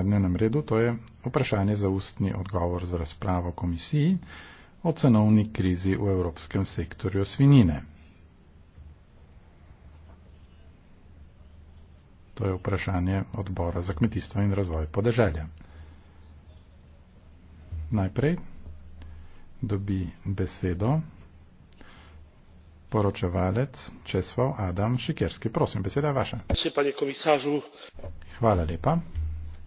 na dnevnem redu, to je vprašanje za ustni odgovor za razpravo komisiji o cenovni krizi v evropskem sektorju svinine. To je vprašanje odbora za kmetijstvo in razvoj podeželja. Najprej dobi besedo poročevalec Česval Adam Šikerski. Prosim, beseda je vaša. Hvala lepa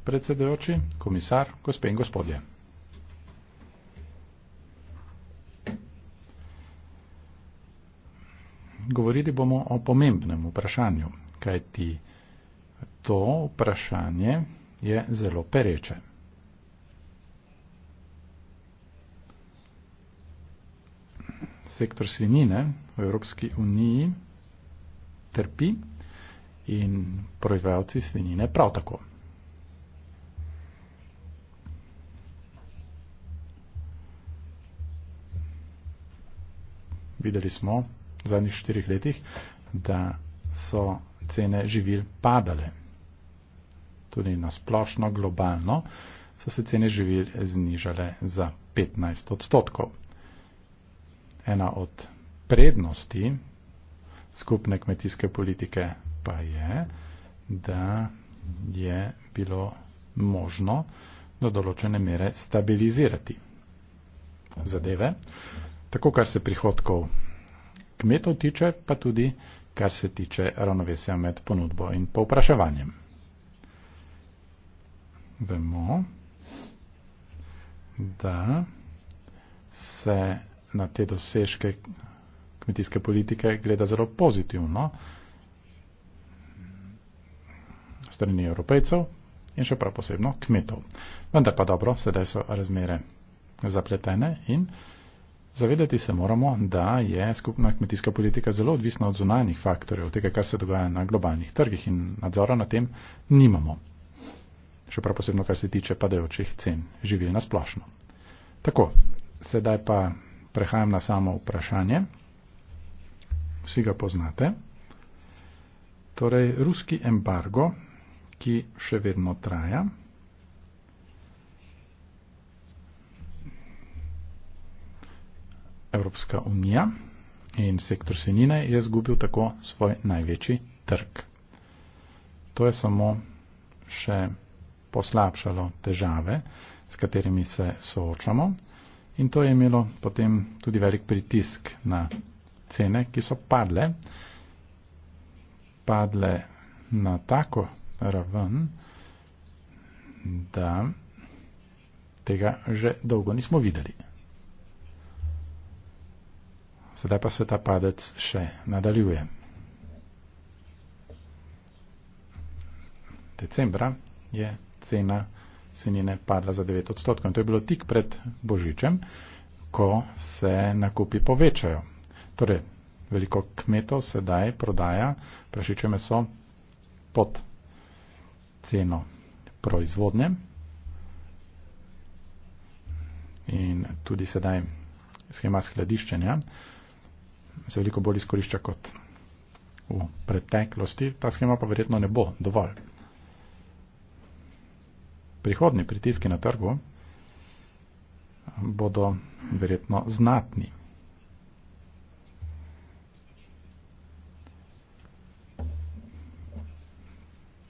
predsedojoči, komisar, gospe in gospodje. Govorili bomo o pomembnem vprašanju, kajti to vprašanje je zelo pereče. Sektor svinine v Evropski uniji trpi in proizvajalci svinine prav tako. videli smo v zadnjih štirih letih, da so cene živil padale. Tudi na splošno, globalno, so se cene živil znižale za 15 odstotkov. Ena od prednosti skupne kmetijske politike pa je, da je bilo možno do določene mere stabilizirati zadeve tako kar se prihodkov kmetov tiče, pa tudi kar se tiče ravnovesja med ponudbo in povpraševanjem. Vemo, da se na te dosežke kmetijske politike gleda zelo pozitivno strani evropejcev in še prav posebno kmetov. Vendar pa dobro, sedaj so razmere zapletene in Zavedati se moramo, da je skupna kmetijska politika zelo odvisna od zunanjih faktorjev, tega, kar se dogaja na globalnih trgih in nadzora na tem nimamo. Še prav posebno, kar se tiče padajočih cen živil na splošno. Tako, sedaj pa prehajam na samo vprašanje. Vsi ga poznate. Torej, ruski embargo, ki še vedno traja, Evropska unija in sektor senine je zgubil tako svoj največji trg. To je samo še poslabšalo težave, s katerimi se soočamo in to je imelo potem tudi velik pritisk na cene, ki so padle, padle na tako raven, da tega že dolgo nismo videli. Sedaj pa se ta padec še nadaljuje. Decembra je cena svinjine padla za 9 odstotkov in to je bilo tik pred Božičem, ko se nakupi povečajo. Torej, veliko kmetov sedaj prodaja prašiče meso pod ceno proizvodnje in tudi sedaj schema skladiščenja se veliko bolj izkorišča kot v preteklosti, ta schema pa verjetno ne bo dovolj. Prihodni pritiski na trgu bodo verjetno znatni.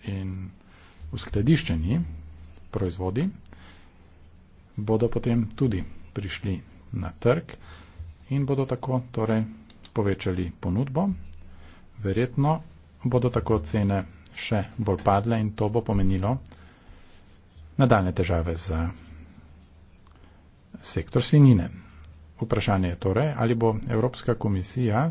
In uskladiščeni proizvodi bodo potem tudi prišli na trg in bodo tako torej povečali ponudbo, verjetno bodo tako cene še bolj padle in to bo pomenilo nadaljne težave za sektor svinine. Vprašanje je torej, ali bo Evropska komisija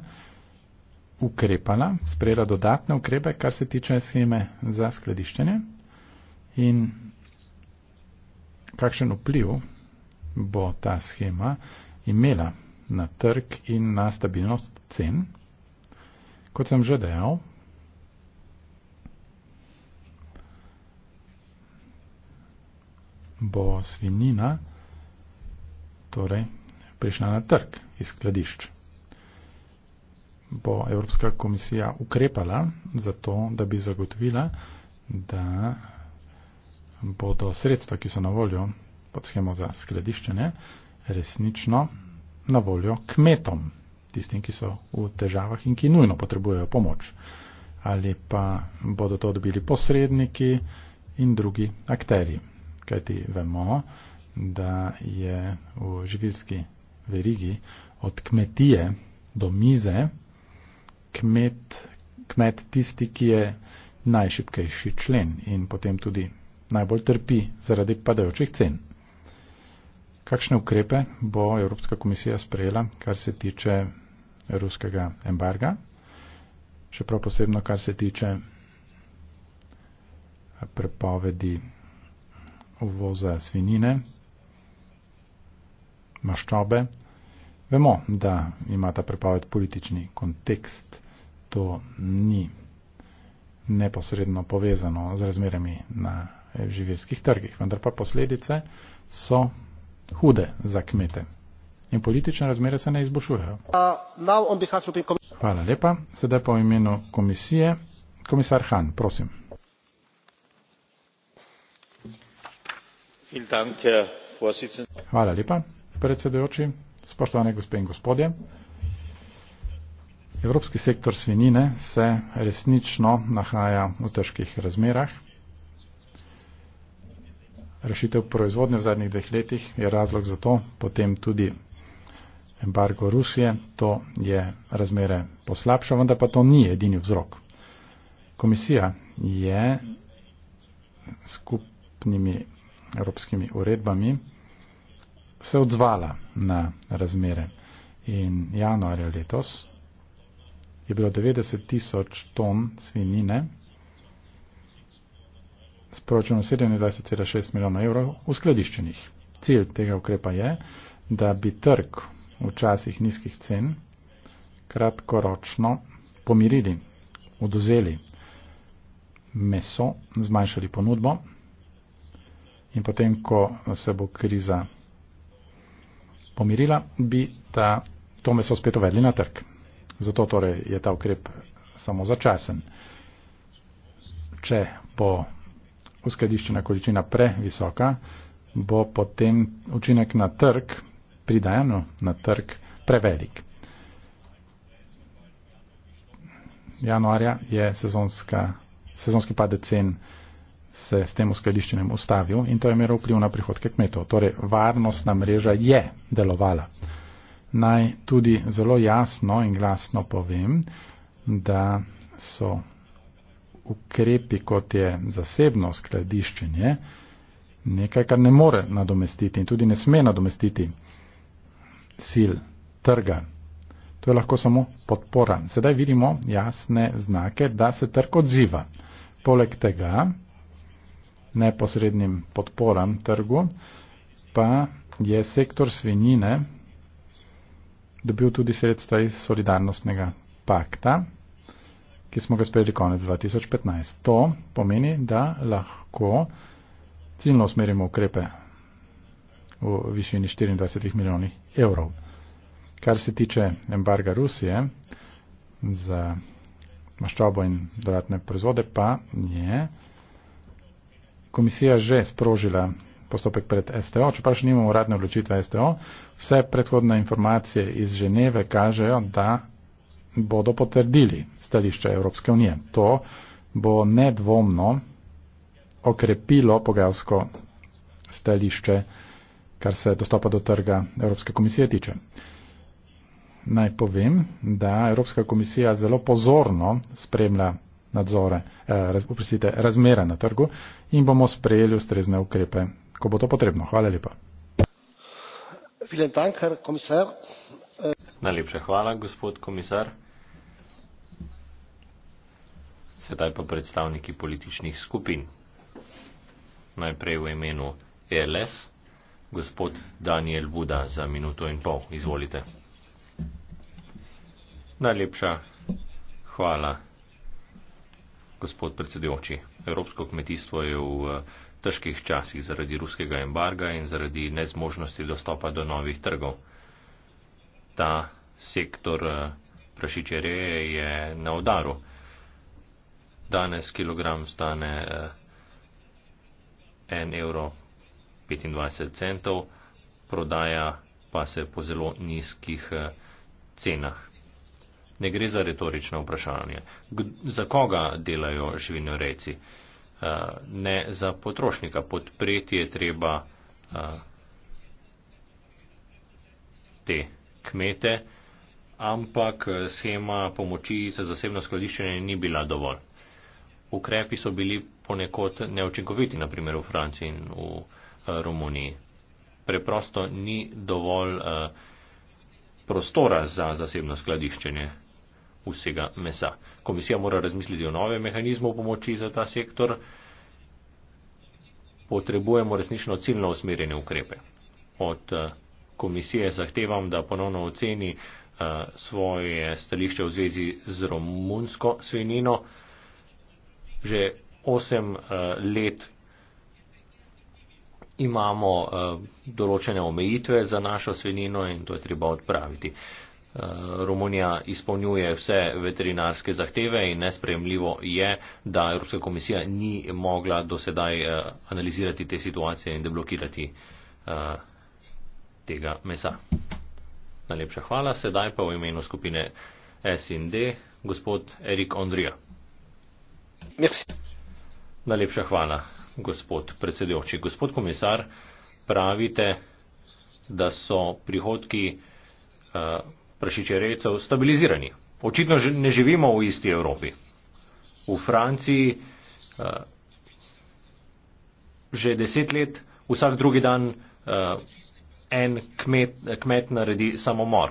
ukrepala, sprejela dodatne ukrepe, kar se tiče scheme za skladiščenje in kakšen vpliv bo ta schema imela na trg in na stabilnost cen. Kot sem že dejal, bo svinina torej, prišla na trg iz skladišč. Bo Evropska komisija ukrepala za to, da bi zagotovila, da bodo sredstva, ki so na voljo pod schemo za skladiščenje, resnično na voljo kmetom, tistim, ki so v težavah in ki nujno potrebujejo pomoč. Ali pa bodo to dobili posredniki in drugi akteri. Kajti vemo, da je v živilski verigi od kmetije do mize kmet, kmet tisti, ki je najšipkejši člen in potem tudi najbolj trpi zaradi padajočih cen. Kakšne ukrepe bo Evropska komisija sprejela, kar se tiče ruskega embarga, še prav posebno, kar se tiče prepovedi uvoza svinine, maščobe. Vemo, da ima ta prepoved politični kontekst, to ni neposredno povezano z razmerami na živirskih trgih, vendar pa posledice so hude za kmete. In politične razmere se ne izboljšujejo. Uh, Hvala lepa. Sedaj pa v imenu komisije. Komisar Han, prosim. Hvala lepa, predsedujoči, spoštovane gospe in gospodje. Evropski sektor svinine se resnično nahaja v težkih razmerah rešitev proizvodnje v zadnjih dveh letih je razlog za to, potem tudi embargo Rusije, to je razmere poslabša, vendar pa to ni edini vzrok. Komisija je skupnimi evropskimi uredbami se odzvala na razmere in januarja letos je bilo 90 tisoč ton svinine, proračunu 27,6 milijona evrov uskladiščenih. Cilj tega ukrepa je, da bi trg v časih nizkih cen kratkoročno pomirili, oduzeli meso, zmanjšali ponudbo in potem, ko se bo kriza pomirila, bi ta, to meso spet uvedli na trg. Zato torej je ta ukrep samo začasen. Če bo uskladiščena količina previsoka, bo potem učinek na trg, pridajano na trg, prevelik. Januarja je sezonska, sezonski padec cen se s tem uskladiščenjem ustavil in to je imelo vpliv na prihodke kmetov. Torej, varnostna mreža je delovala. Naj tudi zelo jasno in glasno povem, da so ukrepi, kot je zasebno skladiščenje, nekaj, kar ne more nadomestiti in tudi ne sme nadomestiti sil trga. To je lahko samo podpora. Sedaj vidimo jasne znake, da se trg odziva. Poleg tega neposrednim podporam trgu pa je sektor svinjine dobil tudi sredstva iz solidarnostnega pakta ki smo ga sprejeli konec 2015. To pomeni, da lahko ciljno usmerimo ukrepe v višini 24 milijonih evrov. Kar se tiče embarga Rusije za maščobo in dodatne proizvode, pa je komisija že sprožila postopek pred STO, čeprav še nimamo uradne odločitve STO. Vse predhodne informacije iz Ženeve kažejo, da bodo potrdili stališče Evropske unije. To bo nedvomno okrepilo pogajalsko stališče, kar se dostopa do trga Evropske komisije tiče. Naj povem, da Evropska komisija zelo pozorno spremlja nadzore, eh, razprosite, razmera na trgu in bomo sprejeli ustrezne ukrepe, ko bo to potrebno. Hvala lepa. Vielen Dank, Herr Kommissar. Najlepša hvala, gospod komisar. Sedaj pa predstavniki političnih skupin. Najprej v imenu ELS, gospod Daniel Buda za minuto in pol. Izvolite. Najlepša hvala, gospod predsedujoči. Evropsko kmetijstvo je v eh, težkih časih zaradi ruskega embarga in zaradi nezmožnosti dostopa do novih trgov ta sektor eh, prašiče reje je na udaru. Danes kilogram stane 1,25 eh, evro, centov, prodaja pa se po zelo nizkih eh, cenah. Ne gre za retorično vprašanje. Za koga delajo živinorejci? Ne za potrošnika. Podpreti je treba te kmete, ampak eh, schema pomoči za zasebno skladiščenje ni bila dovolj. Ukrepi so bili ponekod neučinkoviti, naprimer v Franciji in v eh, Romuniji. Preprosto ni dovolj eh, prostora za zasebno skladiščenje vsega mesa. Komisija mora razmisliti o nove mehanizmu pomoči za ta sektor. Potrebujemo resnično ciljno usmerjene ukrepe. Od komisije zahtevam, da ponovno oceni eh, svoje stališče v zvezi z romunsko svinino. Že osem eh, let imamo eh, določene omejitve za našo svinino in to je treba odpraviti. Romunija izpolnjuje vse veterinarske zahteve in nespremljivo je, da Evropska komisija ni mogla do sedaj analizirati te situacije in deblokirati tega mesa. Najlepša hvala, sedaj pa v imenu skupine SND gospod Erik Ondrija. Merci. Najlepša hvala, gospod predsedujoči. Gospod komisar, pravite, da so prihodki uh, prašičerejcev stabilizirani. Očitno ne živimo v isti Evropi. V Franciji uh, že deset let vsak drugi dan uh, en kmet, kmet naredi samomor.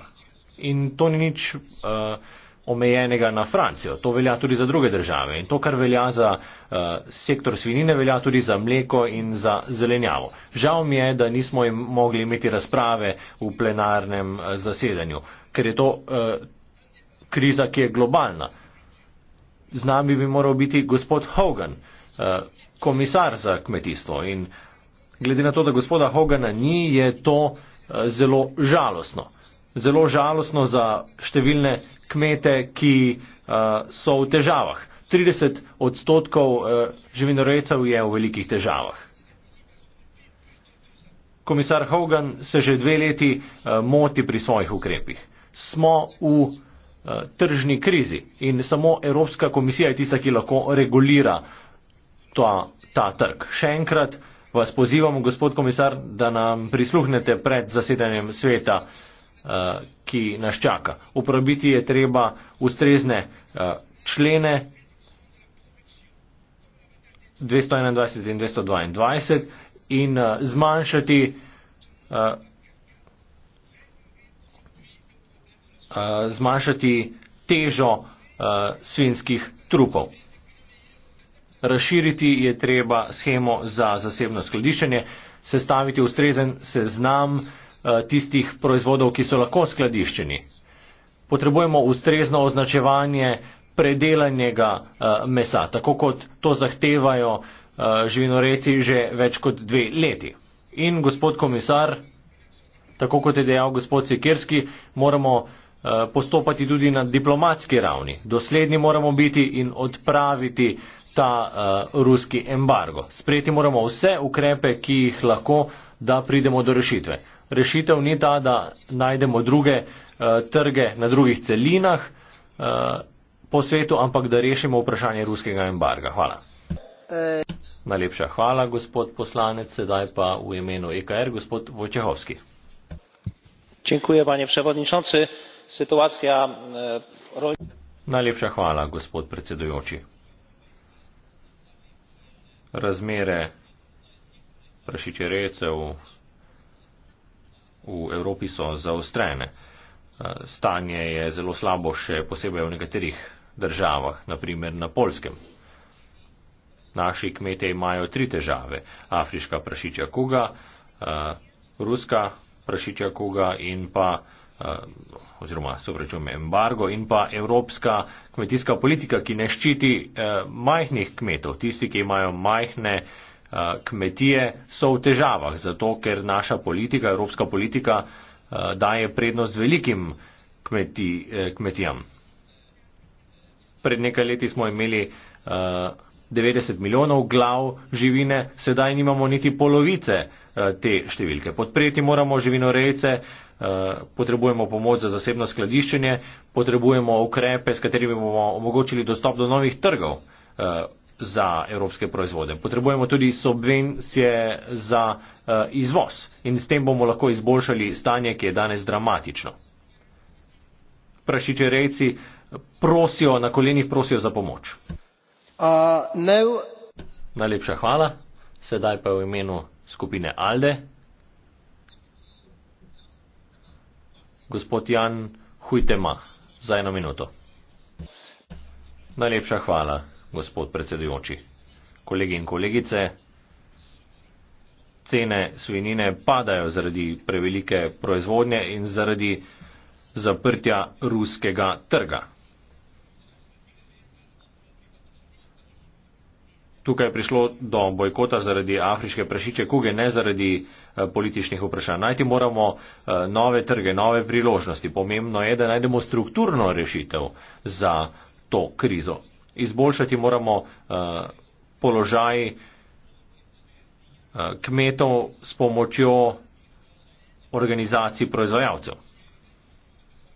In to ni nič uh, omejenega na Francijo, to velja tudi za druge države. In to, kar velja za uh, sektor svinine, velja tudi za mleko in za zelenjavo. Žal mi je, da nismo im mogli imeti razprave v plenarnem uh, zasedanju, ker je to uh, kriza, ki je globalna. Z nami bi moral biti gospod Hogan, uh, komisar za kmetijstvo. In, uh, glede na to, da gospoda Hogana ni, je to eh, zelo žalostno. Zelo žalostno za številne kmete, ki eh, so v težavah. 30 odstotkov eh, živinorejcev je v velikih težavah. Komisar Hogan se že dve leti moti pri svojih ukrepih. Smo v tržni krizi in samo Evropska komisija je tista, ki lahko regulira ta, ta trg. Še enkrat, vas pozivamo, gospod komisar, da nam prisluhnete pred zasedanjem sveta, eh, ki nas čaka. Uporabiti je treba ustrezne eh, člene 221 in 222 in eh, zmanjšati zmanjšati težo uh, svinskih trupov. Razširiti je treba schemo za zasebno skladiščenje, sestaviti ustrezen seznam eh, tistih proizvodov, ki so lahko skladiščeni. Potrebujemo ustrezno označevanje predelanega eh, mesa, tako kot to zahtevajo eh, živinoreci že več kot dve leti. In gospod komisar, tako kot je dejal gospod Sekirski, moramo postopati tudi na diplomatski ravni. Dosledni moramo biti in odpraviti ta uh, ruski embargo. Sprejeti moramo vse ukrepe, ki jih lahko, da pridemo do rešitve. Rešitev ni ta, da najdemo druge uh, trge na drugih celinah uh, po svetu, ampak da rešimo vprašanje ruskega embarga. Hvala. E... Najlepša hvala, gospod poslanec. Sedaj pa v imenu EKR, gospod Vojčehovski. Čenkuje, panje predsedujoči. Situacija. E, Najlepša hvala, gospod predsedujoči razmere prašičerecev v Evropi so zaostrene. Eh, stanje je zelo slabo, še posebej v nekaterih državah, naprimer na polskem. Naši kmete imajo tri težave. Afriška prašičja kuga, eh, ruska prašičja kuga in pa Eh, oziroma se vrečujem embargo in pa evropska kmetijska politika, ki ne ščiti eh, majhnih kmetov. Tisti, ki imajo majhne eh, kmetije, so v težavah, zato ker naša politika, evropska politika, eh, daje prednost velikim kmeti, eh, kmetijam. Pred nekaj leti smo imeli eh, 90 milijonov glav živine, sedaj nimamo niti polovice eh, te številke. Podpreti moramo živinorejce, eh, potrebujemo pomoč za zasebno skladiščenje, potrebujemo ukrepe, s katerimi bomo omogočili dostop do novih trgov eh, za evropske proizvode. Potrebujemo tudi subvencije za eh, izvoz in s tem bomo lahko izboljšali stanje, ki je danes dramatično. Prašiče rejci prosijo, na kolenih prosijo za pomoč. Uh, Najlepša hvala. Sedaj pa v imenu skupine Alde. Gospod Jan Hujtema, za eno minuto. Najlepša hvala, gospod predsedujoči. Kolegi in kolegice, cene svinine padajo zaradi prevelike proizvodnje in zaradi zaprtja ruskega trga. tukaj je prišlo do bojkota zaradi afriške prešiče kuge, ne zaradi eh, političnih vprašanj. Najti moramo eh, nove trge, nove priložnosti. Pomembno je, da najdemo strukturno rešitev za to krizo. Izboljšati moramo eh, položaj kmetov s pomočjo organizacij proizvajalcev.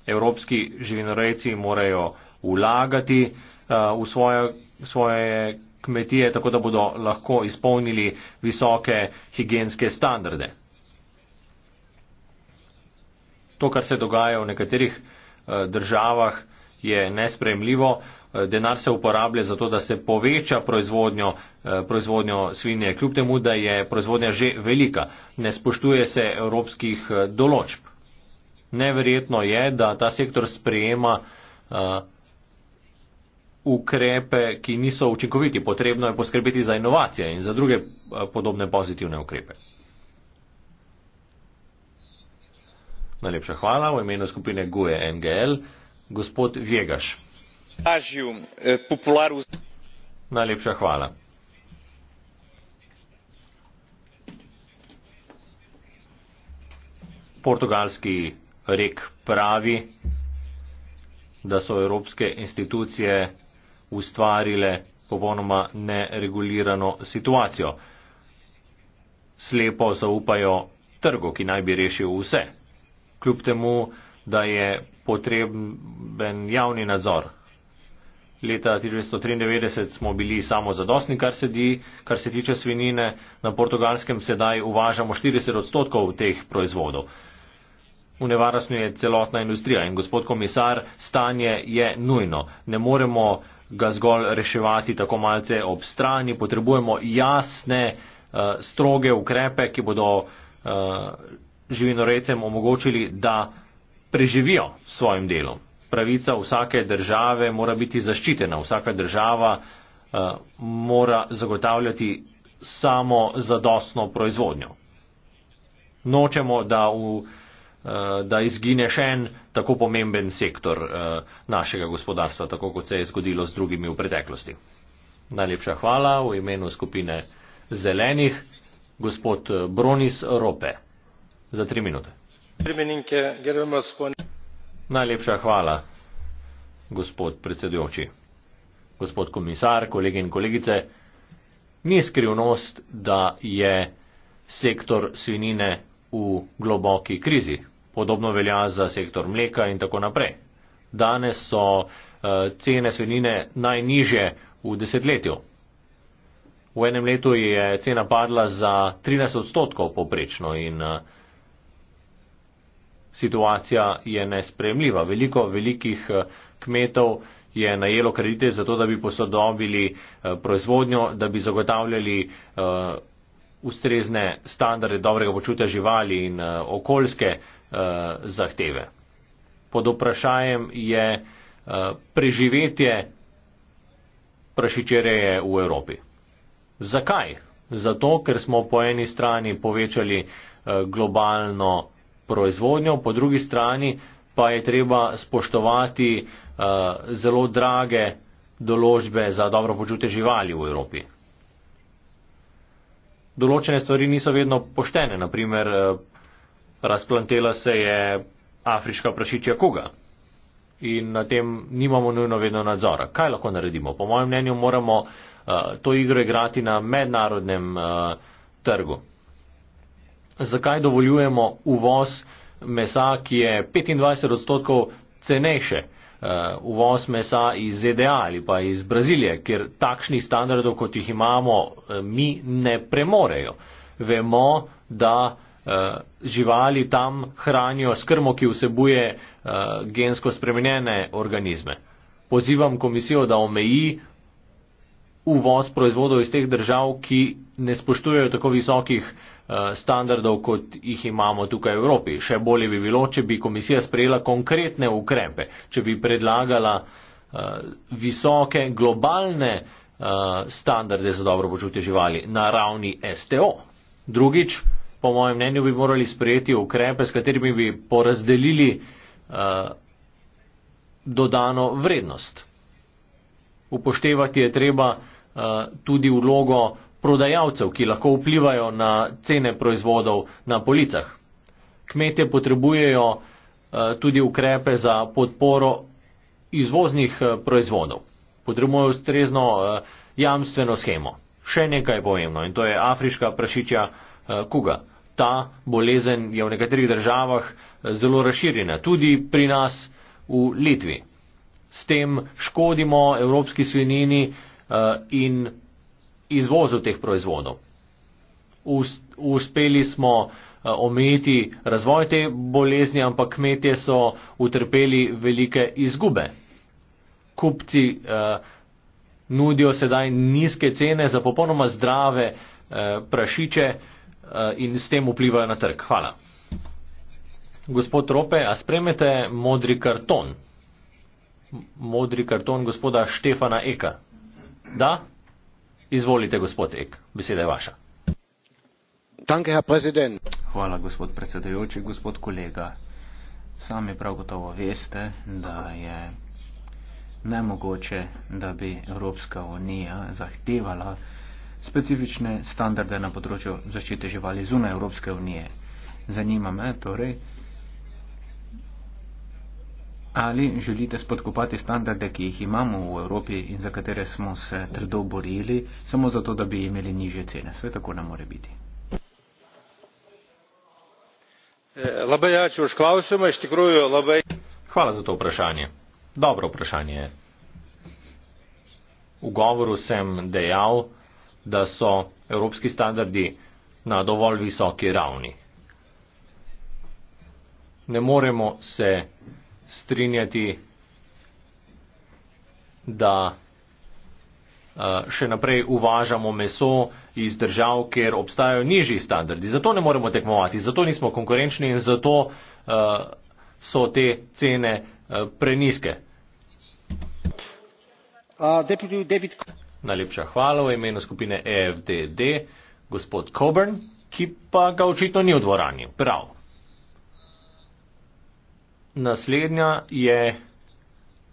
Evropski živinorejci morajo vlagati uh, v svoje, svoje kmetije, tako da bodo lahko izpolnili visoke higijenske standarde. To, kar se dogaja v nekaterih eh, državah, je nespremljivo. Eh, denar se uporablja za to, da se poveča proizvodnjo, eh, proizvodnjo svinje, kljub temu, da je proizvodnja že velika. Ne spoštuje se evropskih določb. Neverjetno je, da ta sektor sprejema ukrepe, ki niso učinkoviti. Potrebno je poskrbeti za inovacije in za druge eh, podobne pozitivne ukrepe. Najlepša hvala v imenu skupine GUE NGL. Gospod Vjegaš. Eh, Najlepša hvala. Portugalski rek pravi, da so evropske institucije ustvarile popolnoma neregulirano situacijo. Slepo zaupajo trgu, ki naj bi rešil vse. Kljub temu, da je potreben javni nadzor. Leta 1993 smo bili samo zadostni, kar, sedi, kar se tiče svinine. Na portugalskem sedaj uvažamo 40 odstotkov teh proizvodov. V nevarnosti je celotna industrija in gospod komisar, stanje je nujno. Ne moremo ga zgolj reševati tako malce ob strani. Potrebujemo jasne, eh, stroge ukrepe, ki bodo eh, živinorecem omogočili, da preživijo svojim delom. Pravica vsake države mora biti zaščitena. Vsaka država eh, mora zagotavljati samo zadostno proizvodnjo. Nočemo, da v Eh, da izgine še en tako pomemben sektor eh, našega gospodarstva, tako kot se je zgodilo z drugimi v preteklosti. Najlepša hvala v imenu skupine zelenih, gospod eh, Bronis Rope. Za tri minute. Najlepša hvala, gospod predsedujoči, gospod komisar, kolegi in kolegice. Ni skrivnost, da je sektor svinine v globoki krizi. Podobno velja za sektor mleka in tako naprej. Danes so uh, cene svinjine najniže v desetletju. V enem letu je cena padla za 13 odstotkov poprečno in eh, situacija je nespremljiva. Veliko velikih eh, kmetov je najelo kredite za to, da bi posodobili proizvodnjo, da bi zagotavljali ustrezne standarde dobrega počutja živali in okoljske Eh, zahteve. Pod vprašanjem je eh, preživetje prašičereje v Evropi. Zakaj? Zato, ker smo po eni strani povečali eh, globalno proizvodnjo, po drugi strani pa je treba spoštovati zelo drage določbe za dobro počutje živali v Evropi. Določene stvari niso vedno poštene, naprimer razplantela se je afriška prašičja kuga. In na tem nimamo nujno vedno nadzora. Kaj lahko naredimo? Po mojem mnenju moramo uh, to igro igrati na mednarodnem uh, trgu. Zakaj dovoljujemo uvoz mesa, ki je 25 odstotkov cenejše? Uh, uvoz mesa iz ZDA ali pa iz Brazilije, ker takšnih standardov, kot jih imamo, uh, mi ne premorejo. Vemo, da uh, Eh, živali tam hranijo s krmo, ki vsebuje eh, gensko spremenjene organizme. Pozivam komisijo, da omeji uvoz proizvodov iz teh držav, ki ne spoštujejo tako visokih eh, standardov, kot jih imamo tukaj v Evropi. Še bolje bi bilo, če bi komisija sprejela konkretne ukrepe, če bi predlagala visoke globalne standarde za dobro počutje živali na ravni STO. Drugič, po mojem mnenju bi morali sprejeti ukrepe, s katerimi bi porazdelili uh, dodano vrednost. Upoštevati je treba uh, tudi vlogo prodajalcev, ki lahko vplivajo na cene proizvodov na policah. Kmetje potrebujejo uh, tudi ukrepe za podporo izvoznih uh, proizvodov. Potrebujejo ustrezno uh, jamstveno schemo. Še nekaj pojemno in to je afriška prašičja uh, kuga ta bolezen je v nekaterih državah eh, zelo razširjena, tudi pri nas v Litvi. S tem škodimo evropski svinini eh, in izvozu teh proizvodov. Uspeli smo eh, omejiti razvoj te bolezni, ampak kmetje so utrpeli velike izgube. Kupci nudijo sedaj nizke cene za popolnoma zdrave prašiče, Eh, in s tem vplivajo na trg. Hvala. Gospod Rope, a spremete modri karton? Modri karton gospoda Štefana Eka. Da? Izvolite, gospod Ek, beseda je vaša. Danke, herr Präsident. Hvala, gospod predsedujoči, gospod kolega. Sami prav gotovo veste, da je nemogoče, da bi Evropska unija zahtevala specifične standarde na področju zaščite živali zunaj Evropske unije. Zanima me torej, ali želite spodkopati standarde, ki jih imamo v Evropi in za katere smo se trdo borili, samo zato, da bi imeli nižje cene. Sve tako ne more biti. E, labai ačiū už klausimą, iš tikrųjų labai. Hvala za to vprašanje. Dobro vprašanje. V govoru sem dejal, da so evropski standardi na dovolj visoki ravni. Ne moremo se strinjati, da še naprej uvažamo meso iz držav, kjer obstajajo nižji standardi. Zato ne moremo tekmovati, zato nismo konkurenčni in zato so te cene preniske. Uh, deputy David. Najlepša hvala v imenu skupine EFDD, gospod Coburn, ki pa ga očitno ni v dvorani. Prav. Naslednja je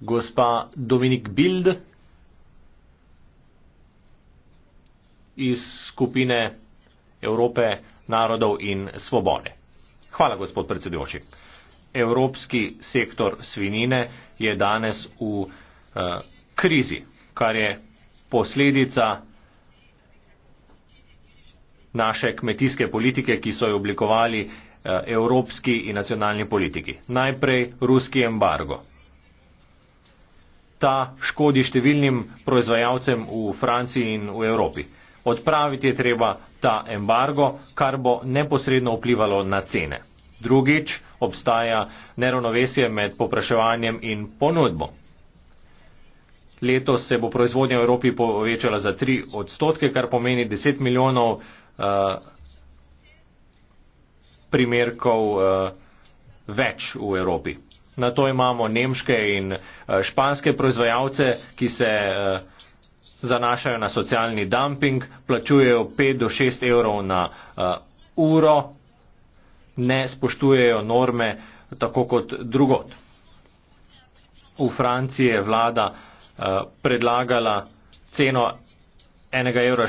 gospa Dominik Bild iz skupine Evrope narodov in svobode. Hvala, gospod predsedujoči. Evropski sektor svinine je danes v uh, krizi, kar je posledica naše kmetijske politike, ki so jo oblikovali eh, evropski in nacionalni politiki. Najprej ruski embargo. Ta škodi številnim proizvajalcem v Franciji in v Evropi. Odpraviti je treba ta embargo, kar bo neposredno vplivalo na cene. Drugič, obstaja neravnovesje med popraševanjem in ponudbo. Letos se bo proizvodnja v Evropi povečala za 3 odstotke, kar pomeni 10 milijonov uh, primerkov uh, več v Evropi. Na to imamo nemške in uh, španske proizvajalce, ki se uh, zanašajo na socialni dumping, plačujejo 5 do 6 evrov na uh, uro, ne spoštujejo norme tako kot drugot. V Franciji je vlada uh, Eh, predlagala ceno 1,40 evra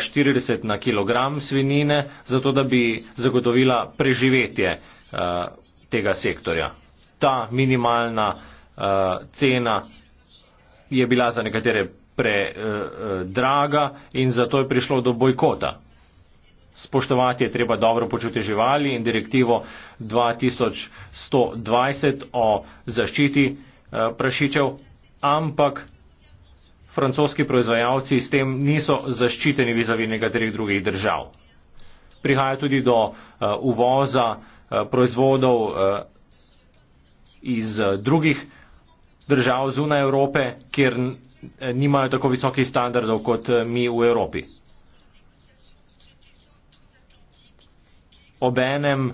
na kilogram svinine, zato da bi zagotovila preživetje eh, tega sektorja. Ta minimalna eh, cena je bila za nekatere predraga in zato je prišlo do bojkota. Spoštovati je treba dobro počutje živali in direktivo 2120 o zaščiti prašičev, ampak francoski proizvajalci s tem niso zaščiteni vizavi nekaterih drugih držav. Prihaja tudi do uh, uvoza uh, proizvodov uh, iz uh, drugih držav zunaj Evrope, kjer nimajo tako visokih standardov kot mi v Evropi. Obenem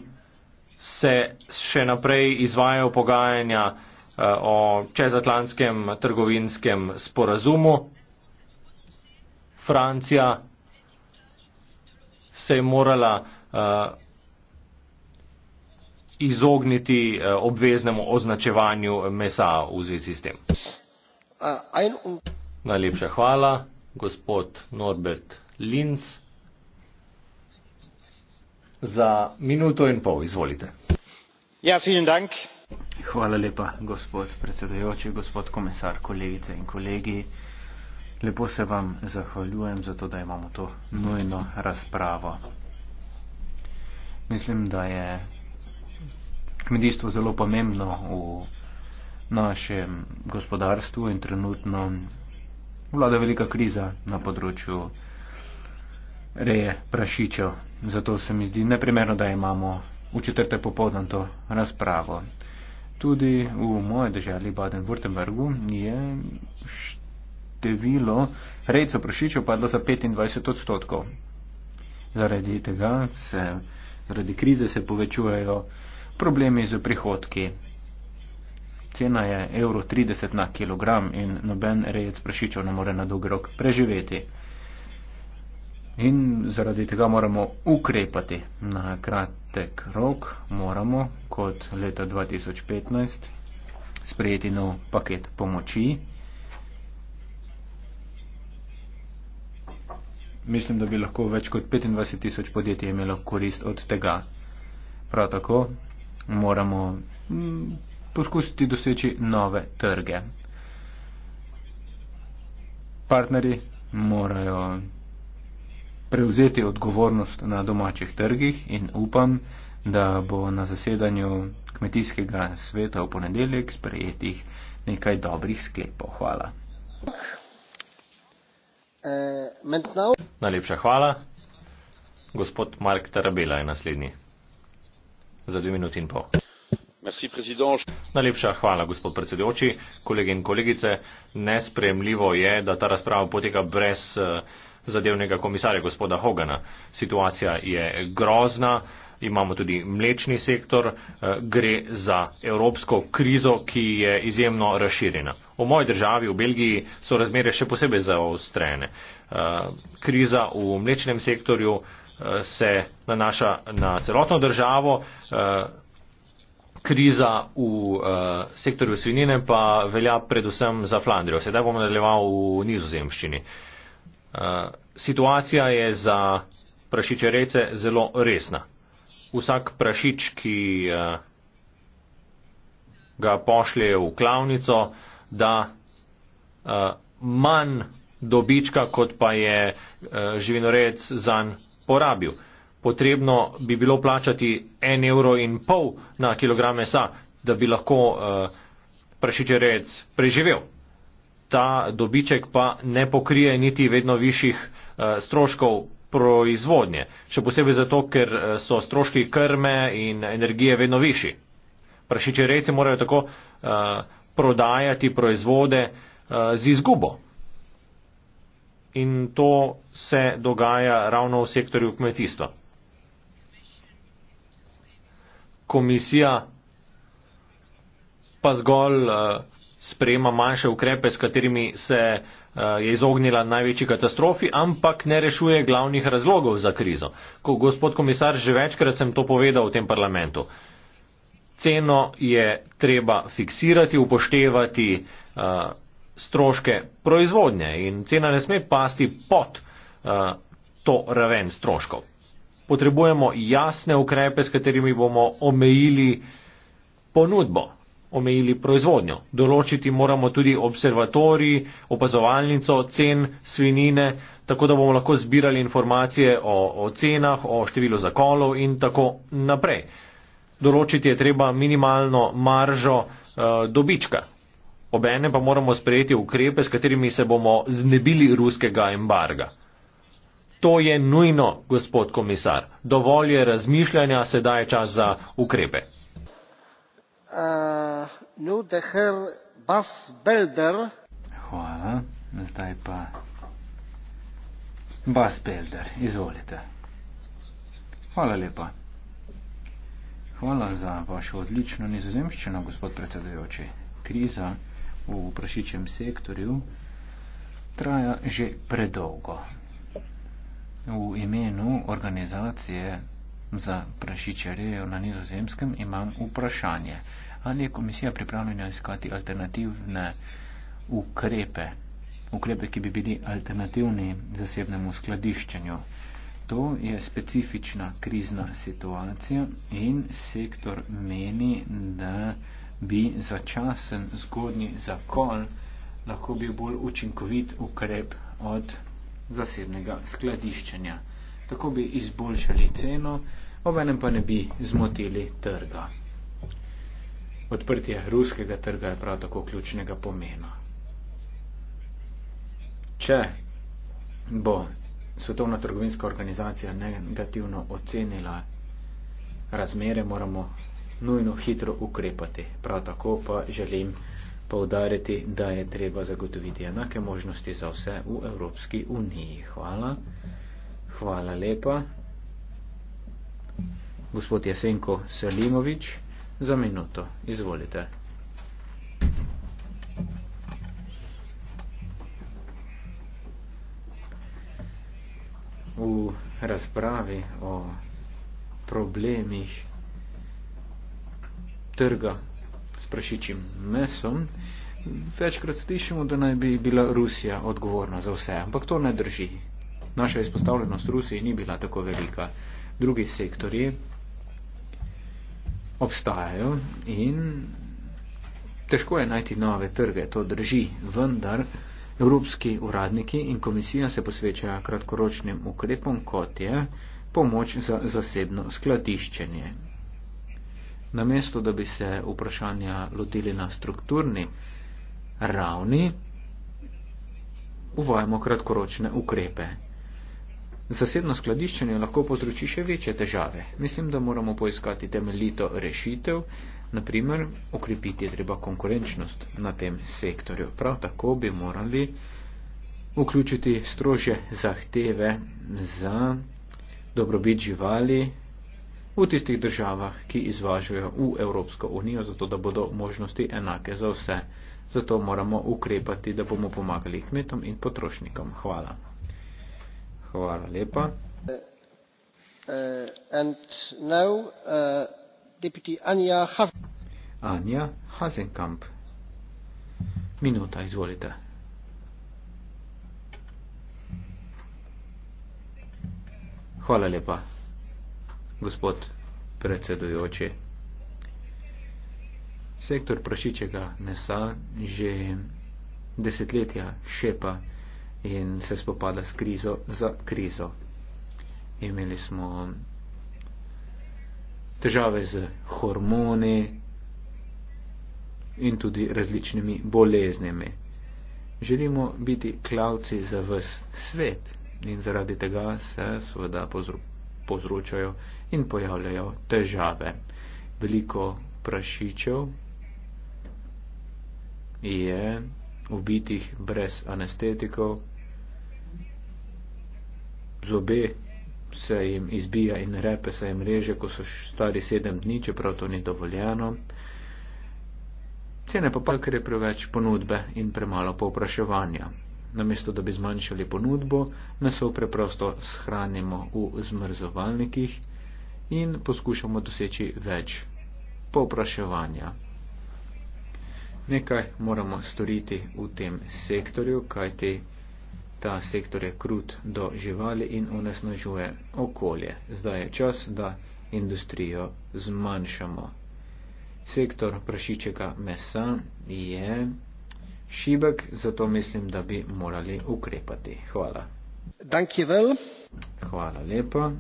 se še naprej izvajajo pogajanja uh, Eh, o čezatlantskem trgovinskem sporazumu. Francija se je morala eh, izogniti eh, obveznemu označevanju mesa v zvezi s tem. Najlepša hvala, gospod Norbert Linz. Za minuto in pol, izvolite. Ja, vielen Dank. Hvala lepa, gospod predsedojoči, gospod komisar, kolegice in kolegi. Lepo se vam zahvaljujem za to, da imamo to nujno razpravo. Mislim, da je kmetijstvo zelo pomembno v našem gospodarstvu in trenutno vlada velika kriza na področju reje prašičev. Zato se mi zdi neprimerno, da imamo v četrte popoldne to razpravo. Tudi v moje državi Baden-Württembergu je število rejcev prašičev padlo za 25 odstotkov. Zaradi tega se, zaradi krize se povečujejo problemi z prihodki. Cena je evro 30 na kilogram in noben rejec prašičev ne more na dolg rok preživeti. In zaradi tega moramo ukrepati na kratek rok, moramo kot leta 2015 sprejeti nov paket pomoči. Mislim, da bi lahko več kot 25 tisoč podjetij imelo korist od tega. Prav tako moramo mm, poskusiti doseči nove trge. Partneri morajo prevzeti odgovornost na domačih trgih in upam, da bo na zasedanju kmetijskega sveta v ponedeljek sprejetih nekaj dobrih sklepov. Hvala. Najlepša hvala. Gospod Mark Tarabela je naslednji. Za dve minuti in pol. Najlepša hvala, gospod predsedujoči, kolegi in kolegice. Nespremljivo je, da ta razprava poteka brez. Uh, zadevnega komisarja gospoda Hogana. Situacija je grozna, imamo tudi mlečni sektor, eh, gre za evropsko krizo, ki je izjemno razširjena. V moji državi, v Belgiji, so razmere še posebej zaostrene. Eh, kriza v mlečnem sektorju eh, se nanaša na celotno državo, kriza v sektorju svinine pa velja predvsem za Flandrijo. Sedaj bom nadaljeval v nizozemščini. Eh, situacija je za prašiče rece zelo resna. Vsak prašič, ki eh, ga pošljejo v klavnico, da eh, manj dobička, kot pa je živinorec zanj porabil. Potrebno bi bilo plačati en evro in pol na kilogram mesa, da bi lahko prašičerec preživel ta dobiček pa ne pokrije niti vedno višjih eh, stroškov proizvodnje. Še posebej zato, ker eh, so stroški krme in energije vedno višji. Prašiče rejce morajo tako eh, prodajati proizvode z izgubo. In to se dogaja ravno v sektorju kmetijstva. Komisija pa zgolj sprejema manjše ukrepe, s katerimi se eh, je izognila največji katastrofi, ampak ne rešuje glavnih razlogov za krizo. Ko, gospod komisar, že večkrat sem to povedal v tem parlamentu. Ceno je treba fiksirati, upoštevati uh, stroške proizvodnje in cena ne sme pasti pod uh, to raven stroškov. Potrebujemo jasne ukrepe, s katerimi bomo omejili ponudbo omejili proizvodnjo. Določiti moramo tudi observatorij, opazovalnico cen svinine, tako da bomo lahko zbirali informacije o, o cenah, o številu zakolov in tako naprej. Določiti je treba minimalno maržo e, dobička. Obene pa moramo sprejeti ukrepe, s katerimi se bomo znebili ruskega embarga. To je nujno, gospod komisar. Dovolj je razmišljanja, sedaj je čas za ukrepe. Eh, nu de her bas belder. Hvala, zdaj pa bas belder, izvolite. Hvala lepa. Hvala za vašo odlično nizozemščino, gospod predsedujoči. Kriza v prašičem sektorju traja že predolgo. V imenu organizacije za prašičarejo na nizozemskem, imam vprašanje. Ali je komisija pripravljena iskati alternativne ukrepe, ukrepe, ki bi bili alternativni zasebnemu skladiščenju? To je specifična krizna situacija in sektor meni, da bi začasen zgodnji zakon lahko bil bolj učinkovit ukrep od zasebnega skladiščenja tako bi izboljšali ceno, obenem pa ne bi zmotili trga. Odprtje ruskega trga je prav tako ključnega pomena. Če bo Svetovna trgovinska organizacija negativno ocenila razmere, moramo nujno hitro ukrepati. Prav tako pa želim poudariti, da je treba zagotoviti enake možnosti za vse v Evropski uniji. Hvala. Hvala lepa. Gospod Jasenko Selimovič, za minuto. Izvolite. V razpravi o problemih trga s prašičim mesom večkrat slišimo, da naj bi bila Rusija odgovorna za vse, ampak to ne drži naša izpostavljenost Rusiji ni bila tako velika. Drugi sektori obstajajo in težko je najti nove trge, to drži, vendar evropski uradniki in komisija se posvečajo kratkoročnim ukrepom, kot je pomoč za zasebno skladiščenje. Namesto, da bi se vprašanja lotili na strukturni ravni, uvajamo kratkoročne ukrepe. Zasebno skladiščenje lahko povzroči še večje težave. Mislim, da moramo poiskati temeljito rešitev, naprimer ukrepiti je treba konkurenčnost na tem sektorju. Prav tako bi morali vključiti strože zahteve za dobrobit živali v tistih državah, ki izvažajo v Evropsko unijo, zato da bodo možnosti enake za vse. Zato moramo ukrepati, da bomo pomagali kmetom in potrošnikom. Hvala. Hvala lepa. Eh, eh, eh, Anja Hazenkamp. Minuta, izvolite. Hvala lepa, gospod predsedujoči. Sektor prašičega mesa že desetletja šepa in se spopada s krizo za krizo. Imeli smo težave z hormoni in tudi različnimi boleznimi. Želimo biti klavci za vse svet in zaradi tega se seveda povzročajo in pojavljajo težave. Veliko prašičev je ubitih brez anestetikov, zobe se jim izbija in repe se jim reže, ko so stari sedem dni, čeprav to ni dovoljeno. Cene pa pa, ker je preveč ponudbe in premalo povpraševanja. Namesto, da bi zmanjšali ponudbo, meso preprosto shranimo v zmrzovalnikih in poskušamo doseči več povpraševanja nekaj moramo storiti v tem sektorju, kajti ta sektor je krut do živali in onesnažuje okolje. Zdaj je čas, da industrijo zmanjšamo. Sektor prašičega mesa je šibek, zato mislim, da bi morali ukrepati. Hvala. Hvala lepa.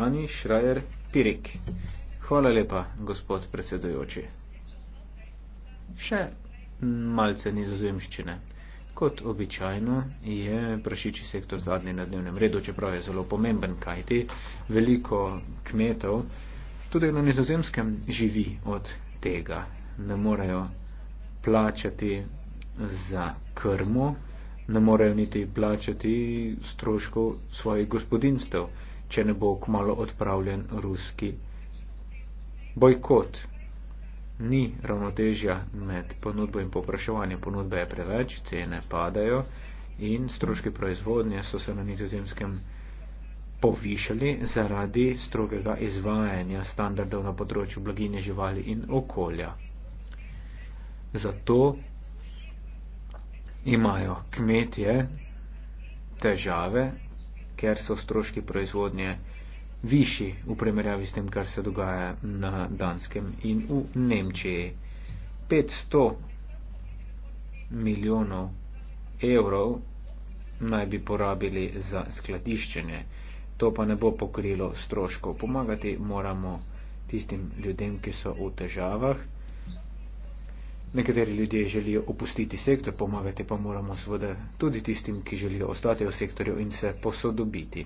Ani Šrajer Pirik. Hvala lepa, gospod predsedujoči. Še malce nizozemščine. Kot običajno je prašiči sektor zadnji na dnevnem redu, čeprav je zelo pomemben, kajti veliko kmetov tudi na nizozemskem živi od tega. Ne morejo plačati za krmo, ne morejo niti plačati stroškov svojih gospodinstv če ne bo kmalo odpravljen ruski bojkot. Ni ravnotežja med ponudbo in popraševanjem. Ponudbe je preveč, cene padajo in stroški proizvodnje so se na nizozemskem povišali zaradi strogega izvajanja standardov na področju blaginje živali in okolja. Zato imajo kmetje težave ker so stroški proizvodnje višji v primerjavi s tem, kar se dogaja na Danskem in v Nemčiji. 500 milijonov evrov naj bi porabili za skladiščenje. To pa ne bo pokrilo stroškov. Pomagati moramo tistim ljudem, ki so v težavah. Nekateri ljudje želijo opustiti sektor, pomagati pa moramo seveda tudi tistim, ki želijo ostati v sektorju in se posodobiti.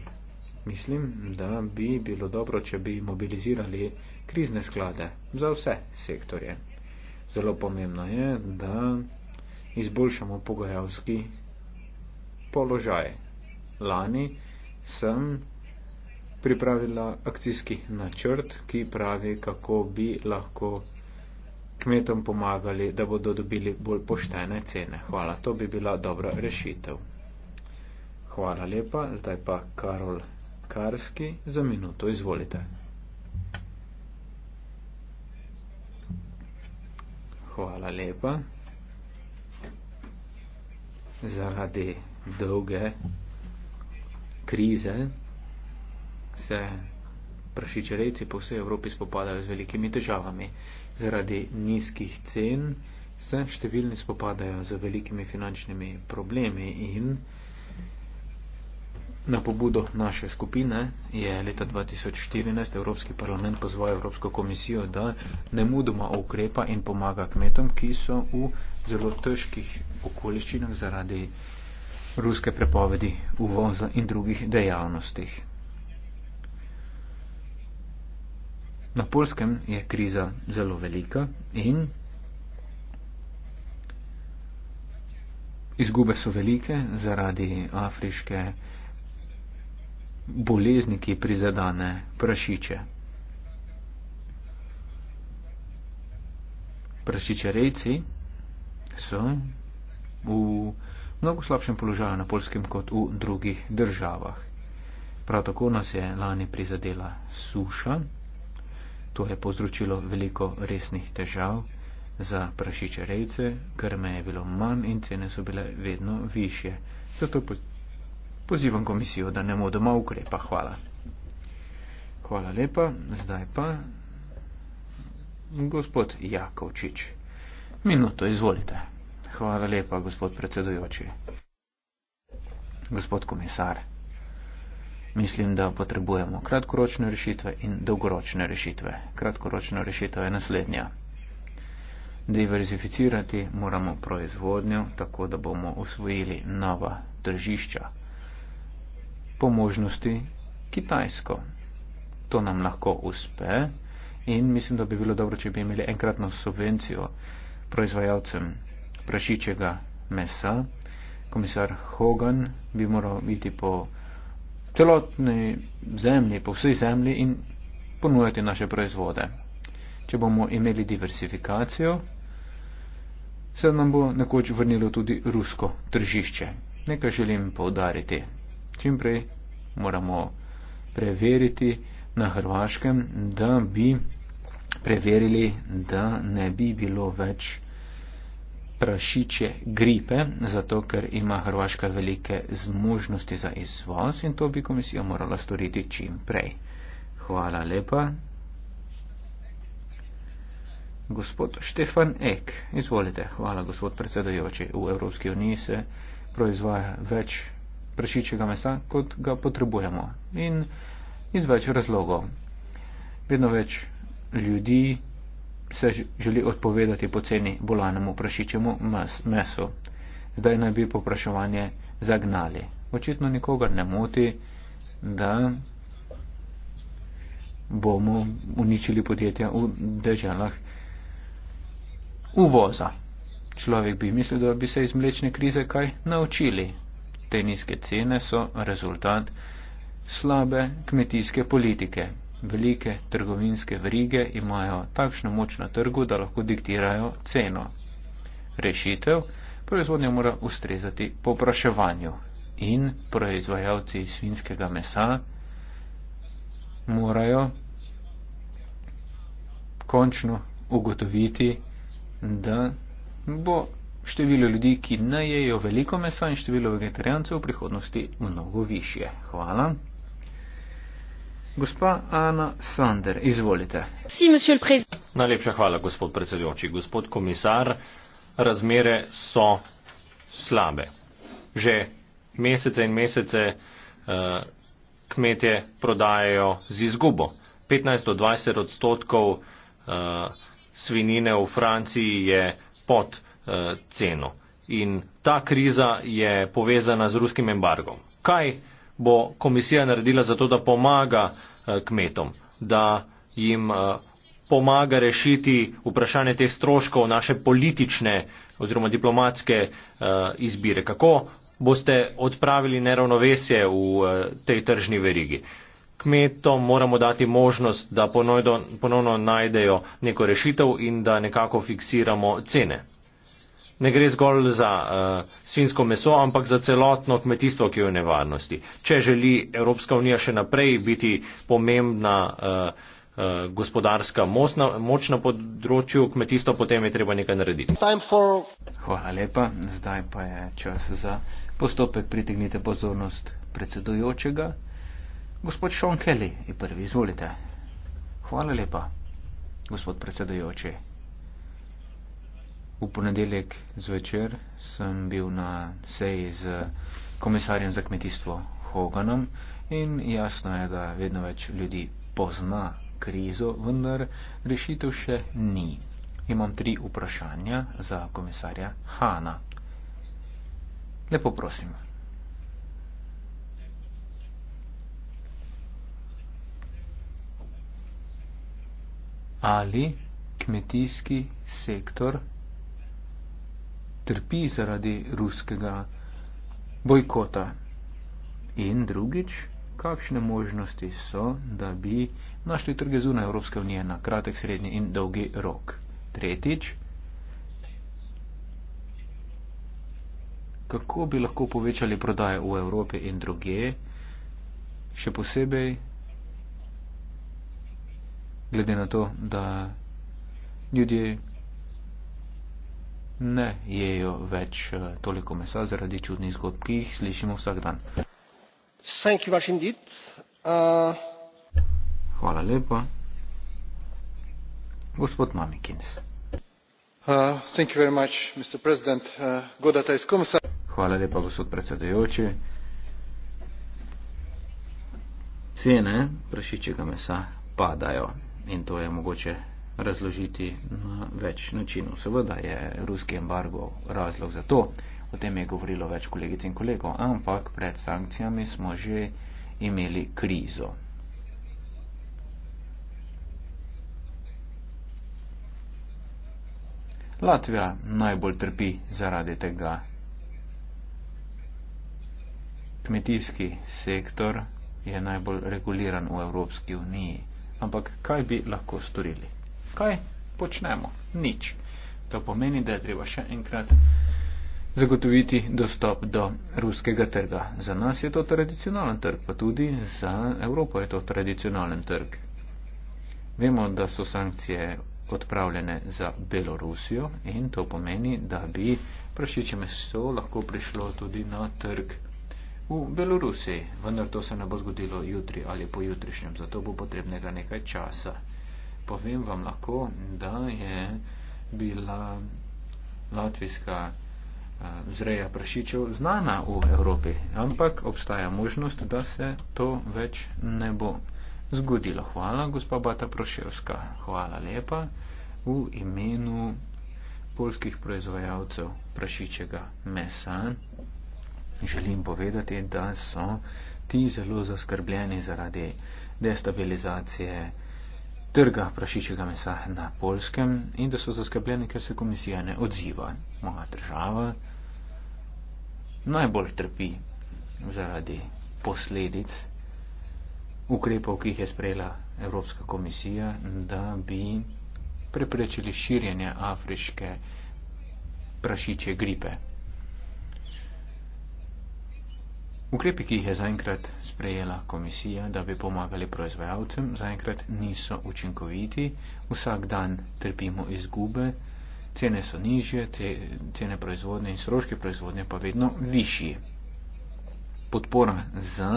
Mislim, da bi bilo dobro, če bi mobilizirali krizne sklade za vse sektorje. Zelo pomembno je, da izboljšamo pogajalski položaj. Lani sem pripravila akcijski načrt, ki pravi, kako bi lahko kmetom pomagali, da bodo dobili bolj poštene cene. Hvala, to bi bila dobra rešitev. Hvala lepa, zdaj pa Karol Karski za minuto, izvolite. Hvala lepa. Zaradi dolge krize se prašičerejci po vsej Evropi spopadajo z velikimi težavami zaradi nizkih cen se številni spopadajo z velikimi finančnimi problemi in na pobudo naše skupine je leta 2014 Evropski parlament pozval Evropsko komisijo, da ne mudoma ukrepa in pomaga kmetom, ki so v zelo težkih okoliščinah zaradi ruske prepovedi uvoza in drugih dejavnostih. Na polskem je kriza zelo velika in izgube so velike zaradi afriške bolezni, ki prizadane prašiče. Prašiče rejci so v mnogo slabšem položaju na polskem kot v drugih državah. Prav tako nas je lani prizadela suša. To je povzročilo veliko resnih težav za prašiče rejce, krme je bilo manj in cene so bile vedno više. Zato pozivam komisijo, da ne bodo doma ukrepa. Hvala. Hvala lepa. Zdaj pa gospod Jakovčič. Minuto, izvolite. Hvala lepa, gospod predsedujoči. Gospod komisar mislim, da potrebujemo kratkoročne rešitve in dolgoročne rešitve. Kratkoročna rešitev je naslednja. Diverzificirati moramo proizvodnjo, tako da bomo osvojili nova tržišča. Po možnosti Kitajsko. To nam lahko uspe in mislim, da bi bilo dobro, če bi imeli enkratno subvencijo proizvajalcem prašičega mesa. Komisar Hogan bi moral biti po celotni zemlji, po vsej zemlji in ponujati naše proizvode. Če bomo imeli diversifikacijo, se nam bo nekoč vrnilo tudi rusko tržišče. Nekaj želim povdariti. Čim prej moramo preveriti na Hrvaškem, da bi preverili, da ne bi bilo več prašiče gripe, zato ker ima Hrvaška velike zmožnosti za izvoz in to bi komisija morala storiti čim prej. Hvala lepa. Gospod Štefan Ek, izvolite. Hvala, gospod predsedojoči. V Evropski uniji se proizvaja več prašičega mesa, kot ga potrebujemo. In iz več razlogov. Vedno več ljudi se želi odpovedati poceni bolanemu prašičemu mesu. Zdaj naj bi popraševanje zagnali. Očitno nikogar ne moti, da bomo uničili podjetja v deželah uvoza. Človek bi mislil, da bi se iz mlečne krize kaj naučili. Te nizke cene so rezultat slabe kmetijske politike velike trgovinske verige imajo takšno moč na trgu, da lahko diktirajo ceno. Rešitev, proizvodnja mora ustrezati popraševanju in proizvajalci svinskega mesa morajo končno ugotoviti, da bo število ljudi, ki najejo veliko mesa in število vegetarijancev v prihodnosti mnogo više. Hvala. Gospa Ana Sander, izvolite. Si, Najlepša hvala, gospod predsedujoči. Gospod komisar, razmere so slabe. Že mesece in mesece uh, kmetje prodajajo z izgubo. 15 do 20 odstotkov uh, eh, svinine v Franciji je pod uh, ceno. In ta kriza je povezana z ruskim embargom. Kaj bo komisija naredila za to, da pomaga uh, Eh, kmetom, da jim eh, pomaga rešiti vprašanje teh stroškov naše politične oziroma diplomatske eh, izbire. Kako boste odpravili neravnovesje v tej tržni verigi? Kmetom moramo dati možnost, da ponovno najdejo neko rešitev in da nekako fiksiramo cene ne gre zgolj za uh, eh, svinsko meso, ampak za celotno kmetijstvo, ki je v nevarnosti. Če želi Evropska unija še naprej biti pomembna uh, gospodarska močna, močna področju kmetijstva, potem je treba nekaj narediti. For... Hvala lepa. Zdaj pa je čas za postopek. Pritegnite pozornost predsedujočega. Gospod Sean Kelly je prvi. Izvolite. Hvala lepa, gospod predsedujoči. V ponedeljek zvečer sem bil na seji z komisarjem za kmetijstvo Hoganom in jasno je, da vedno več ljudi pozna krizo, vendar rešitev še ni. Imam tri vprašanja za komisarja Hana. Lepo prosim. Ali kmetijski sektor trpi zaradi ruskega bojkota. In drugič, kakšne možnosti so, da bi našli trge zunaj Evropske unije na kratek, srednji in dolgi rok. Tretjič, kako bi lahko povečali prodaje v Evropi in druge, še posebej glede na to, da ljudje ne jejo več eh, toliko mesa zaradi čudnih zgodb, ki jih slišimo vsak dan. Uh... Hvala lepa. Gospod Mamikins. Uh, uh, Hvala lepa, gospod predsedujoči. Cene prašičjega mesa padajo in to je mogoče razložiti na več načinov. Seveda je ruski embargo razlog za to, o tem je govorilo več kolegic in kolegov, ampak pred sankcijami smo že imeli krizo. Latvija najbolj trpi zaradi tega. Kmetijski sektor je najbolj reguliran v Evropski uniji. Ampak kaj bi lahko storili? kaj počnemo? Nič. To pomeni, da je treba še enkrat zagotoviti dostop do ruskega trga. Za nas je to tradicionalen trg, pa tudi za Evropo je to tradicionalen trg. Vemo, da so sankcije odpravljene za Belorusijo in to pomeni, da bi prašiče meso lahko prišlo tudi na trg v Belorusiji, vendar to se ne bo zgodilo jutri ali pojutrišnjem, zato bo potrebnega nekaj časa povem vam lahko, da je bila latvijska eh, vzreja prašičev znana v Evropi, ampak obstaja možnost, da se to več ne bo zgodilo. Hvala, gospa Bata Proševska, hvala lepa v imenu polskih proizvajalcev prašičega mesa. Želim povedati, da so ti zelo zaskrbljeni zaradi destabilizacije trga prašičega mesa na Polskem in da so zaskrbljeni, ker se komisija ne odziva. Moja država najbolj trpi zaradi posledic ukrepov, ki jih je sprejela Evropska komisija, da bi preprečili širjenje afriške prašiče gripe. Ukrepi, ki jih je zaenkrat sprejela komisija, da bi pomagali proizvajalcem, zaenkrat niso učinkoviti, vsak dan trpimo izgube, cene so nižje, te, cene proizvodne in stroške proizvodne pa vedno višji. Podpora za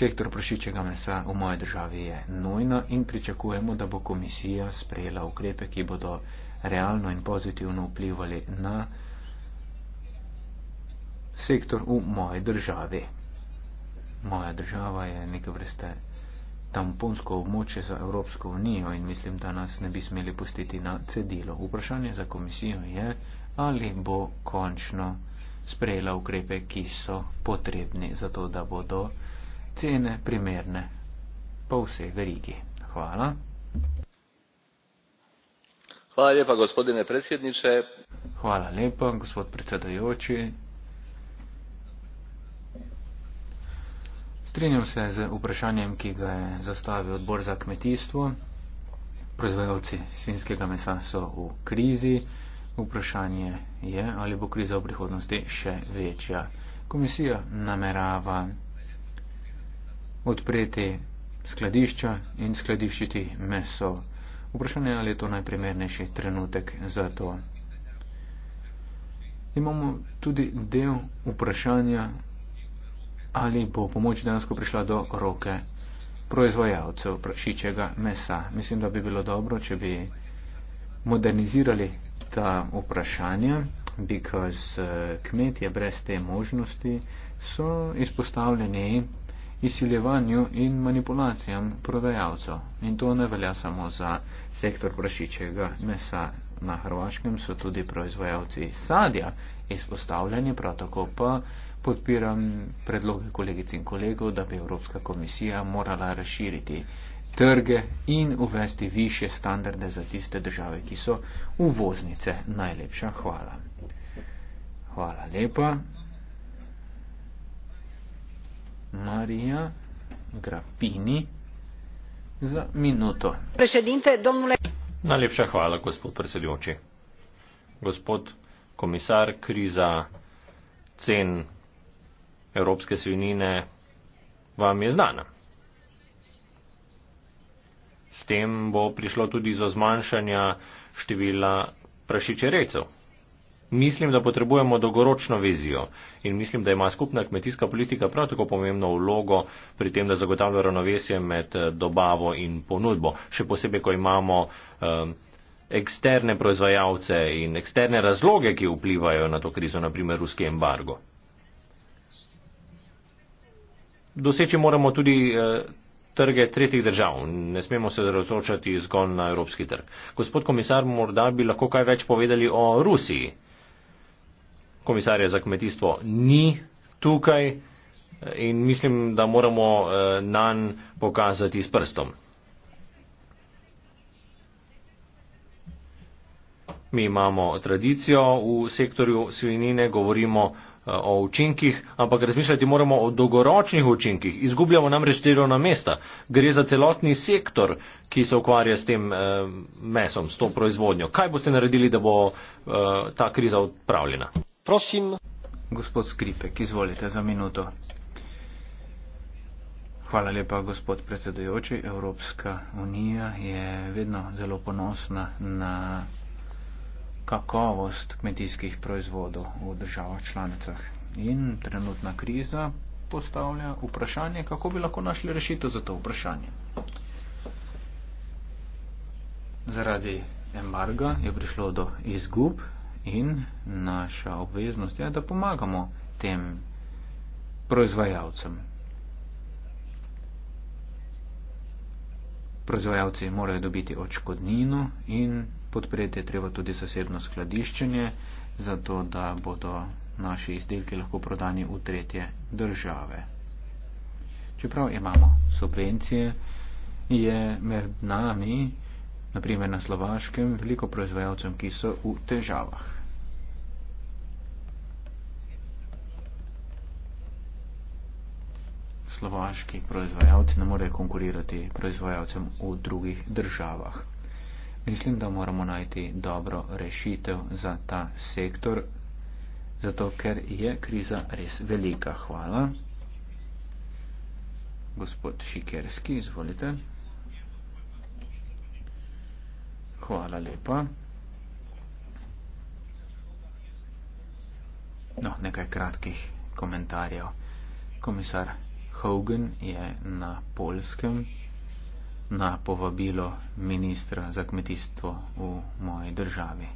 sektor prašičega mesa v moje državi je nujna in pričakujemo, da bo komisija sprejela ukrepe, ki bodo realno in pozitivno vplivali na sektor v moje države. Moja država je neke vrste tamponsko območje za Evropsko unijo in mislim, da nas ne bi smeli pustiti na cedilo. Vprašanje za komisijo je, ali bo končno sprejela ukrepe, ki so potrebni za to, da bodo cene primerne po vsej verigi. Hvala. Hvala lepa, gospodine predsjedniče. Hvala lepa, gospod predsedajoči. Strinjam se z vprašanjem, ki ga je zastavil odbor za kmetijstvo. Proizvajalci svinskega mesa so v krizi. Vprašanje je, ali bo kriza v prihodnosti še večja. Komisija namerava odpreti skladišča in skladiščiti meso. Vprašanje je, ali je to najprimernejši trenutek za to. Imamo tudi del vprašanja, ali bo pomoč dejansko prišla do roke proizvajalcev prašičjega mesa. Mislim, da bi bilo dobro, če bi modernizirali ta vprašanja, because uh, kmetje brez te možnosti so izpostavljeni izsiljevanju in manipulacijam prodajalcev. In to ne velja samo za sektor prašičjega mesa. Na Hrvaškem so tudi proizvajalci sadja izpostavljeni, prav tako pa podpiram predloge kolegic in kolegov, da bi Evropska komisija morala razširiti trge in uvesti više standarde za tiste države, ki so uvoznice. Najlepša hvala. Hvala lepa. Marija Grapini za minuto. Najlepša hvala, gospod predsedujoči. Gospod komisar, kriza cen evropske svinine vam je znana. S tem bo prišlo tudi za zmanjšanja števila prašičerejcev. Mislim, da potrebujemo dolgoročno vizijo in mislim, da ima skupna kmetijska politika prav tako pomembno vlogo pri tem, da zagotavlja ravnovesje med eh, dobavo in ponudbo. Še posebej, ko imamo um, eksterne proizvajalce in eksterne razloge, ki vplivajo na to krizo, naprimer ruski embargo doseči moramo tudi eh, trge tretjih držav. Ne smemo se zrotočati zgolj na evropski trg. Gospod komisar, morda bi lahko kaj več povedali o Rusiji. Komisarja za kmetijstvo ni tukaj eh, in mislim, da moramo eh, nan pokazati s prstom. Mi imamo tradicijo v sektorju svinine, govorimo o učinkih, ampak razmišljati moramo o dolgoročnih učinkih. Izgubljamo namreč delovna mesta. Gre za celotni sektor, ki se ukvarja s tem eh, mesom, s to proizvodnjo. Kaj boste naredili, da bo eh, ta kriza odpravljena? Prosim. Gospod Skripek, izvolite za minuto. Hvala lepa, gospod predsedujoči. Evropska unija je vedno zelo ponosna na kakovost kmetijskih proizvodov v državah članicah. In trenutna kriza postavlja vprašanje, kako bi lahko našli rešitev za to vprašanje. Zaradi embarga je prišlo do izgub in naša obveznost je, da pomagamo tem proizvajalcem. Proizvajalci morajo dobiti očkodnino in podpreti je treba tudi zasebno skladiščenje, zato da bodo naši izdelki lahko prodani v tretje države. Čeprav imamo subvencije, je med nami, naprimer na Slovaškem, veliko proizvajalcev, ki so v težavah. Slovaški proizvajalci ne morejo konkurirati proizvajalcem v drugih državah. Mislim, da moramo najti dobro rešitev za ta sektor, zato ker je kriza res velika. Hvala. Gospod Šikerski, izvolite. Hvala lepa. No, nekaj kratkih komentarjev. Komisar Hogan je na polskem na povabilo ministra za kmetijstvo v moji državi.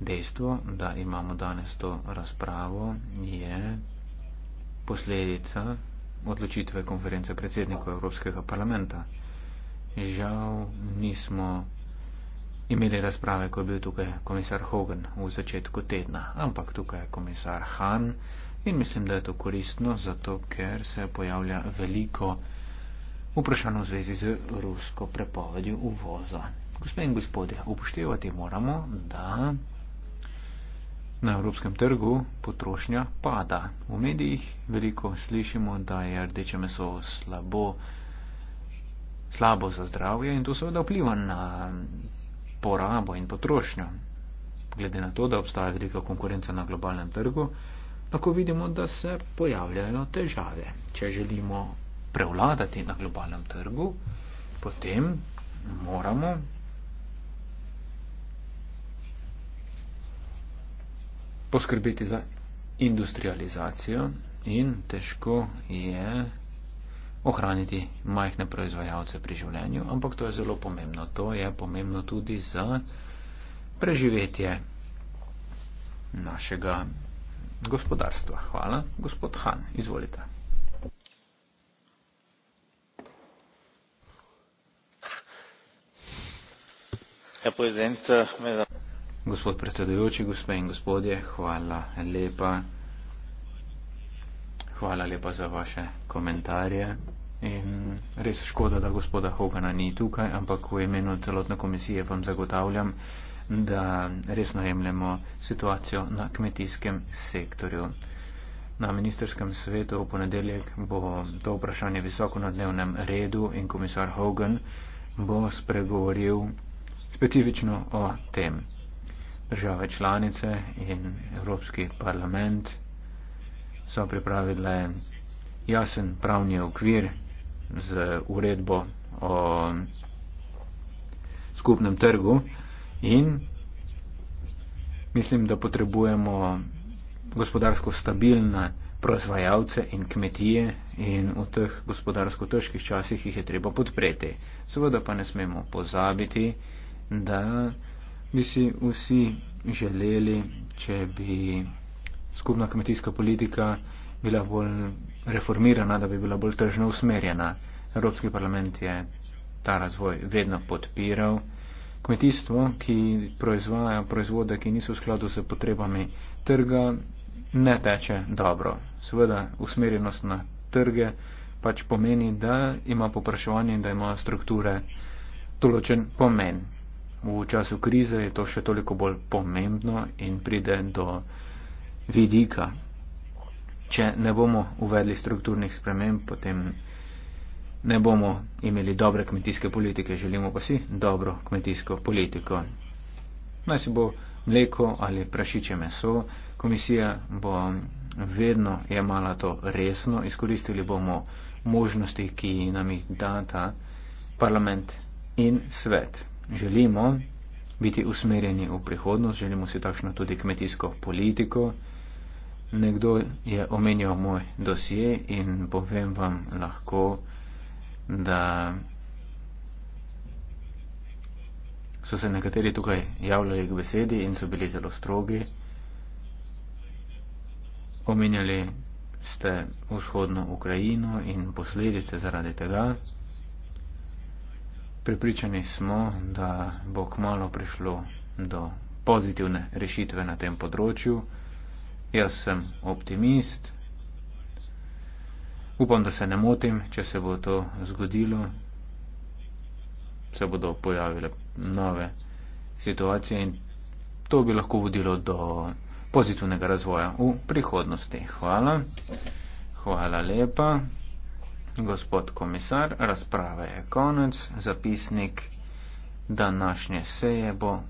Dejstvo, da imamo danes to razpravo, je posledica odločitve konference predsednikov Evropskega parlamenta. Žal nismo imeli razprave, ko je bil tukaj komisar Hogan v začetku tedna, ampak tukaj je komisar Han in mislim, da je to koristno, zato ker se pojavlja veliko vprašanju v zvezi z rusko prepovedjo uvoza. Gospe in gospode, upoštevati moramo, da na evropskem trgu potrošnja pada. V medijih veliko slišimo, da je rdeče meso slabo, slabo za zdravje in to seveda vpliva na porabo in potrošnjo. Glede na to, da obstaja velika konkurenca na globalnem trgu, lahko vidimo, da se pojavljajo težave. Če želimo prevladati na globalnem trgu, potem moramo poskrbeti za industrializacijo in težko je ohraniti majhne proizvajalce pri življenju, ampak to je zelo pomembno. To je pomembno tudi za preživetje našega gospodarstva. Hvala, gospod Han, izvolite. Äh, Gospod predsedujoči, gospe in gospodje, hvala lepa. Hvala lepa za vaše komentarje. In res škoda, da gospoda Hogana ni tukaj, ampak v imenu celotne komisije vam zagotavljam, da res najemljamo situacijo na kmetijskem sektorju. Na ministerskem svetu v ponedeljek bo to vprašanje visoko na dnevnem redu in komisar Hogan bo spregovoril specifično o tem. Države članice in Evropski parlament so pripravile jasen pravni okvir z uredbo o skupnem trgu in mislim, da potrebujemo gospodarsko stabilne proizvajalce in kmetije in v teh gospodarsko težkih časih jih je treba podpreti. Seveda pa ne smemo pozabiti, da bi si vsi želeli, če bi skupna kmetijska politika bila bolj reformirana, da bi bila bolj tržno usmerjena. Evropski parlament je ta razvoj vedno podpiral. Kmetijstvo, ki proizvaja proizvode, ki niso v skladu z potrebami trga, ne teče dobro. Seveda, usmerjenost na trge pač pomeni, da ima popraševanje in da ima strukture določen pomen v času krize je to še toliko bolj pomembno in pride do vidika. Če ne bomo uvedli strukturnih sprememb, potem ne bomo imeli dobre kmetijske politike, želimo pa si dobro kmetijsko politiko. Naj si bo mleko ali prašiče meso, komisija bo vedno jemala to resno, izkoristili bomo možnosti, ki nam jih data parlament in svet želimo biti usmerjeni v prihodnost, želimo si takšno tudi kmetijsko politiko. Nekdo je omenjal moj dosje in povem vam lahko, da so se nekateri tukaj javljali k besedi in so bili zelo strogi. Omenjali ste vzhodno Ukrajino in posledice zaradi tega. Pripričani smo, da bo kmalo prišlo do pozitivne rešitve na tem področju. Jaz sem optimist. Upam, da se ne motim, če se bo to zgodilo, se bodo pojavile nove situacije in to bi lahko vodilo do pozitivnega razvoja v prihodnosti. Hvala. Hvala lepa. Gospod komisar, razprava je konec. Zapisnik današnje seje bo